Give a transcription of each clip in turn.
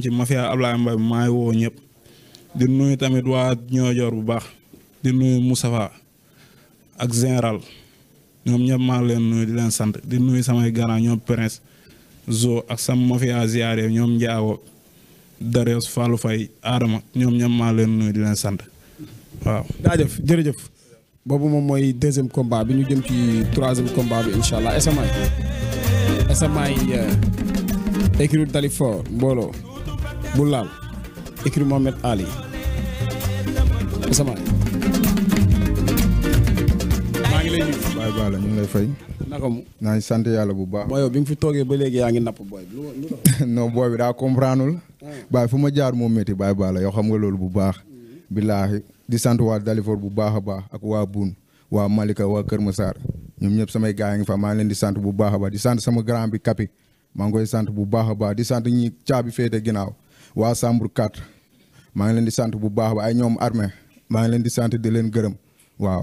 ci mafia Ablaye Mbaye maay woo ñëpp di nuyu tamit waa ñoojoor bu baax di nuyu Moustapha ak général ñoom ñëpp maa leen nuyu di leen sant di nuyu samay garant ñoom Prince Zo ak sama mafia ziare ñoom Njaawo Darius Fallou Faye Adama ñoom ñëpp maa leen nuyu di leen sant waaw. jaajëf jërëjëf boobu moom mooy deuxième combat bi ñu jëm ci troisième combat bi incha allah SMA SMA yi euh, écrit Dalifor mbooloo. bu laal écrit Mohamed Ali sama maa ngi lay nuyu. waaye Ba lay fay. naa ngi sant yàlla bu baax. mooy bi nga fi toogee ba léegi yaa ngi napp booy bi. non booy bi daa comprendre ah. baay fu ma jaar moo métti baay Ba la yow xam nga loolu bu baax. Mm-hmm. billaahi di sant waa Dalifor bu baax a baax ak waa buun waa Malika waa Kër Massar ñoom ñëpp samay gars yi nga fa maa leen di sant bu baax a baax di sant sama grand bi Kapi maa ngi koy sant bu baax a baax di sant ñi caabi féete ginnaaw. waa chambre 4 maa ngi leen di sant bu baax ba ay ñoom armée maa ngi leen di sant di leen gërëm waaw.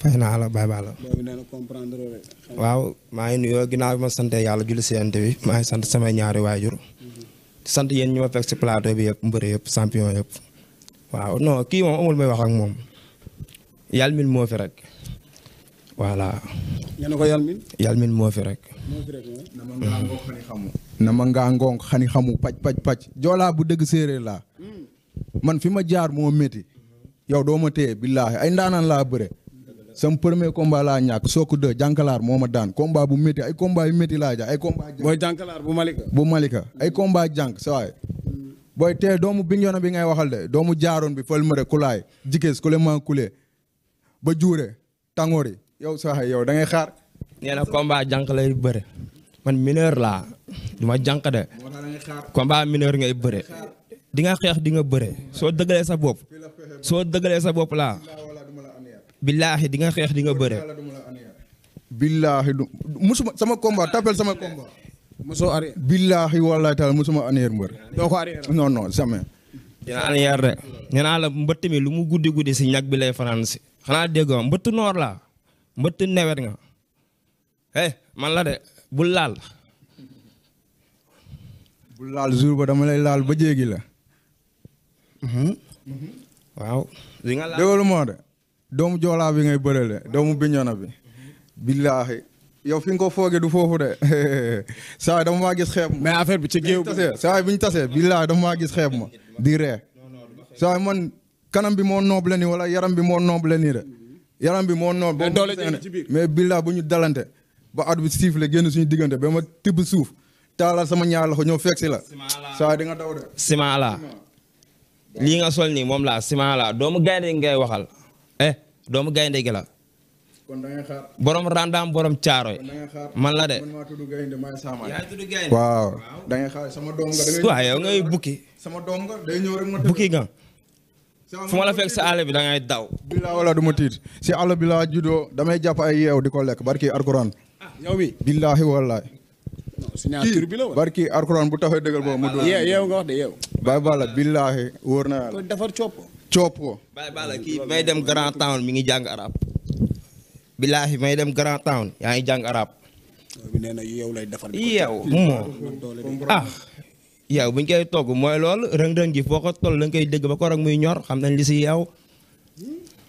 fay naa la bàyyi baa waaw maa ngi nuyoo ginnaaw ma sant yàlla julli si bi maa ngi sant samay ñaari waajur. di sant yéen ñi ma fekk si plateau bi yëpp mbër yëpp champion yëpp. waaw non kii moom amul may wax ak moom. yàlla mil moo fi rek. voilà. ñu ne ko yalmin yalmin moo fi rek nama ngaa ngoon xani xamu hmm. nama ngaa ngoon xani xamu paj paj paj joolaa bu dëgg séeréer laa hmm. man fi ma jaar moo métti hmm. yow doo ma téye billaahi ay ndaanaan laa bëre sam premier combat laa ñàkk sook de jànkalaar moo ma daan combat bu métti ay combat yu métti laa jaay ay bu Malika bu Malika ay combat jànk sa waay booy tee doomu Bignona bi ngay waxal de doomu jaaroon bi fël mëre kulaay jikes kule maa kule ba yow saa yow da ngay xaar. nee na combat jànq lay bëre. man mineur laa du ma jànq de. combat mineur ngay bëre. di nga xeex di nga bëre soo dëgalee sa bopp. soo dëgalee sa bopp laa. billaahi di nga xeex di nga bëre. billaahi du musuma sama combat tapel sama combat. musoo arrière. billaahi wallaahi taala musuma arrière mbër. doo ko arrière non non jamais. dina arrière de. nee la mbëtt mi lu mu guddi guddi si ñag bi lay faral si. xanaa déggoo mbëtt noor laa. mbëtt newet nga hey eh, man la de bul laal bul laal jour ba dama lay laal ba jéegi la mhm. waaw li nga laal dégalu moo de doomu joolaa bi ngay bërale doomu biñona bi mhm. billaahi yow fi nga ko fooge du foofu de saa dama maa gis xeeb mais affaire bi ci géew bi saa bi ñu tasee billaahi dama gis xeeb ma di ree saa man kanam bi moo nooble nii wala yaram bi moo nooble nii de yaram bi moo noonu. mais doole mais bu ñu dalante ba at bi sifflé génn suñu diggante ba ma tibb suuf taalal sama ñaar loxo ñëw fekk si la. saa di nga daw de. sima lii nga sol ni moom laa sima la doomu gaynde ngay waxal. Eh, doomu gaynde gi la. kon borom randam borom caaro yi man la de. man maa tudd gaynde maa saamaan. yaa tudd gaynde waaw. sama doom nga da ngay. waaw yow ngay bukki. bukki nga. fu ma la fekk sa àll bi da ngay daw. bilaa wala du ma tiit si àll bi laa juddoo damay jàpp ay yeew di ko lekk barki Alxuraan. Ah, yow mi billaahi wallaahi. signature bi bu taxee dëggal boobu mu. yeew yeew na defar coop ko. coop ko. may dem Grand Town mi ngi jàng arab. billaahi may dem Grand Town yaa ngi jàng arab. yow yeew lay defar. yeew ah. yow buñ koy togg moo loolu rëng-rëng ji foo da nga koy dégg ba ko rek muy ñor xam nañ li si yow.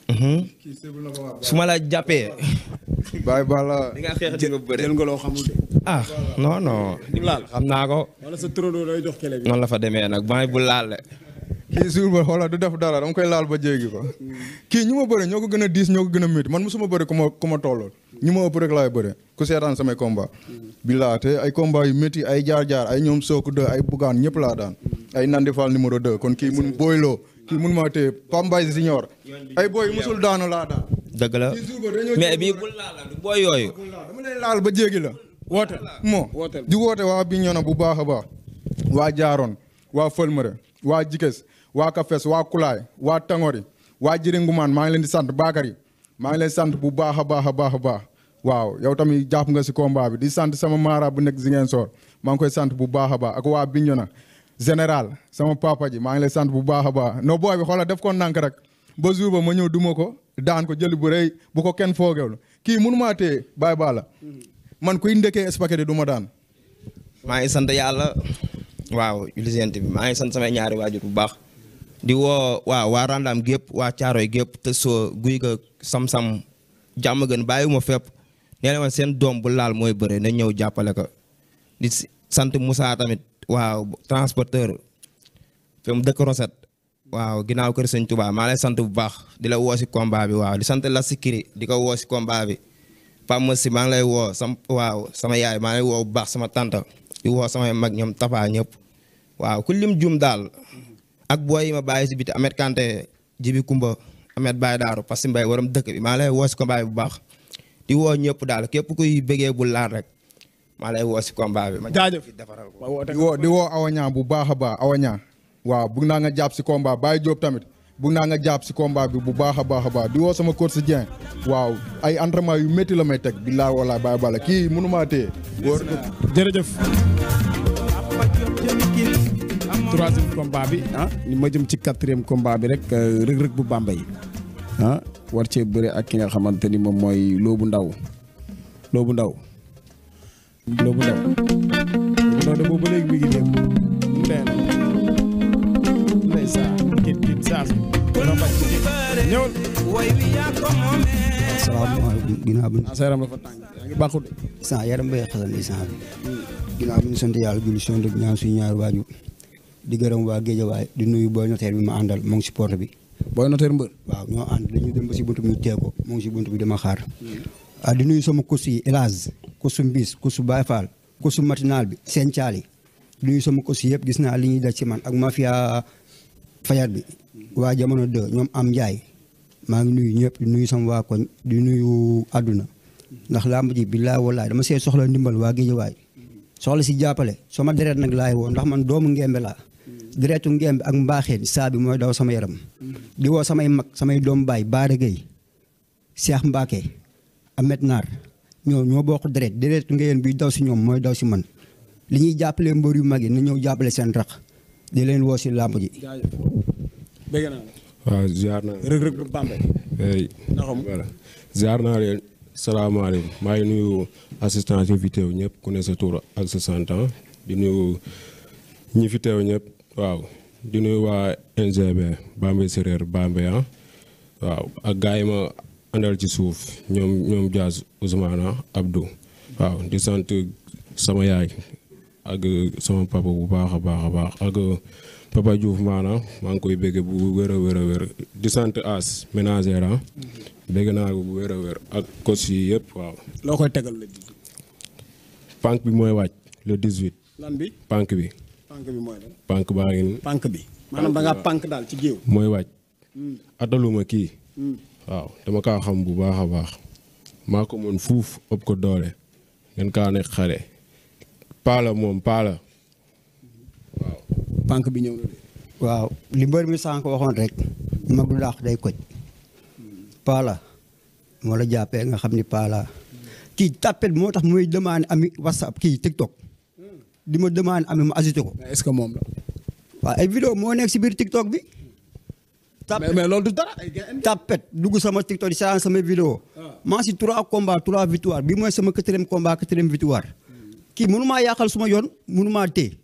Mhm. su ma la jàppee. bàyyi ba la li nga xeex di nga bëre loo xamul de. ah xam naa ko. wala sa turandoo lay jox kele la fa demee nag bàyyi bu laal kii suur ba xoolal du def dara dama koy laal ba jéegi ko kii ñu ma ñoo ko gën a diis ñoo ko gën a métti man mosuma bëre ku ma ku ma tollool ñu ma ëpp rek laay bëre ku seetaan samay combat billaa te ay combat yu métti ay jaar-jaar ay ñoom sook de ay bugaan ñëpp laa daan ay Nandi Fall numéro 2 kon kii mun booyloo kii mun maa téye Pambay Junior ay booy mosul daanu laa daan dëgg la mais bii bul laal la du laal ba jéegi la woote moo di woote waa bi ñoo na bu baax a baax waa jaaroon waa fëlmëre waa jikes waa Kafes waa Kulaay waa Tangori waa Jiringumaan maa ngi leen di sant baakari maa ngi leen sant bu baax a baax a baax a baax waaw yow tamit jàpp nga si combat bi di sant sama maara bu nekk Ziguinchor maa ngi koy sant bu baax a baax ak waa Bignona général sama papa ji maa ngi lay sant bu baax a baax no booy bi xoolal def ko nànk rek ba jour ma ñëw duma ko daan ko jëli bu rëy bu ko kenn foogewul kii mënumaa tee bàyyi baa la man kuy ndëkkee spaghetti du ma daan. maa ngi sant yàlla waaw julli bi maa ngi sant samay ñaari waajur bu baax. di woo waa waa Randam gépp waa Caaroy gépp te soo guy ga sam-sam jàmm gën bàyyiwuma ma nee na woon seen doom bu laal mooy bëre na ñëw jàppale ko di sant Moussa tamit waaw transporteur fi mu dëkk Roset waaw ginnaaw kër sëñ Touba maa lay sant bu baax di la woo si combat bi waaw di sant la sikiri di ko woo si combat bi Pam si maa ngi lay woo sam waaw sama yaay maa ngi lay woo bu baax sama tante di woo samay mag ñoom Tapa ñëpp waaw ku jum daal ak booy yi ma bàyyi Amet Kanté Jibi Kumba Amet Baye Daaru parce que mbay waram dëkk bi maa lay woo si combat bu baax di woo ñëpp daal képp kuy bëggee bu laar rek maa lay woo si combat bi. jaajëf defaral ko di woo di woo bu baax a baax awaña waaw bug naa nga jàpp si combat Baye Diop tamit bëgg naa nga jàpp si combat bi bu baax a baax a baax di woo sama coach Dieng waaw ay entraînement yu métti la may teg billaay wallaay Baye Balla kii mënumaa téye. jërëjëf. troisième combat bi ah, ni ma jëm ci quatrième combat bi rek euh, rëg-rëg bu Bambey ah war cee bëre ak ki nga xamante ni moom mooy loobu ndaw loobu ndaw loobu ndaw loobu ndaw de boobu léegi mi ngi dem ndeen ndeysaan kit ah, sa yaa ngi baaxul sa yaram bay xasan li sant bi ginnaaw bi ñu sant ñaan suñu ñaari waajur di gërëm waa Géejawaay di nuyu boo notaire bi ma àndal mu ngi si porte bi. booy notaire mbër. waaw ñoo ànd dañuy dem si buntu bi ñu tee ko mu ngi si buntu bi dama xaar. Mm. ah di nuyu sama kus yi Elaz kusu Mbis kusu Baye Fall kusu matinal bi seen caali di nuyu sama kus yëpp gis naa li ñuy daj si man ak mafia fajar bi. waa jamono de ñoom am Ndiaye maa ngi nuyu ñëpp di nuyu sama waa koñ di nuyu àdduna ndax làmb ji billaahi wallaahi dama see soxla ndimbal waa Géejawaay mm. soxla si jàppale sama deret nag laay woo ndax man doomu ngembe laa direetu ngemb ak mbaaxeen saa mooy daw sama yaram di woo samay mag samay doom baay Baara Gueye Cheikh Mbacke Ahmed Naar ñoo ñoo bokk direet direetu ngeen bi daw si ñoom mooy daw si man li ñuy jàppale mbër yu mag yi na jàppale seen rax di leen woo si làmb ji waaw ziar naa rëg rëg Bambey ziar naa leen salaamaaleykum maa ngi nuyu assistance yi fi teew ñëpp ku ne sa tur ak sa santan ah. di nuyu ñi fi teew ñëpp waaw di nuyu waa NGB Bambey Séréer Bambey ah waaw ak gars ma àndal ci suuf ñoom ñoom Diaz Ousmane ah, Abdou waaw di sant sama yaay ak sama papa bu baax a baax a baax ak papa Diouf maanaam ah. maa ngi koy bégge bu wér a wér a wér di sant As ménagère ah naa ko bu wér a wér ak coach yi yëpp waaw. loo koy tegal le pank bi mooy wàcc le 18. bi pank bi. pànk bi mooy lan. baa ngi nii. bi maanaam da pànk daal ci mooy waaj. Hmm. ataluma kii. Hmm. waaw dama kaa xam bu baax a baax. maa ko mën fuuf ëpp ko doole. ngeen kaa nekk xare. paala moom paala. waaw pànk bi ñëw li sànq waxoon rek. mag du daax day koj. paala moo la jàppee nga xam ni paala. Hmm. kii tàppet moo tax muy demandé ami whatsapp kii tiktok. di ma demande amee ma agité ko. est que moom la. waaw ay vidéo moo nekk si biir TikTok bi. mais mais loolu du dara. tapet dugg sama TikTok di sama samay vidéo. Ah. maa si trois combats trois victoire bi mooy sama quatrième combat quatrième victoire. Hmm. kii mënu maa yàqal suma yoon mënu maa téye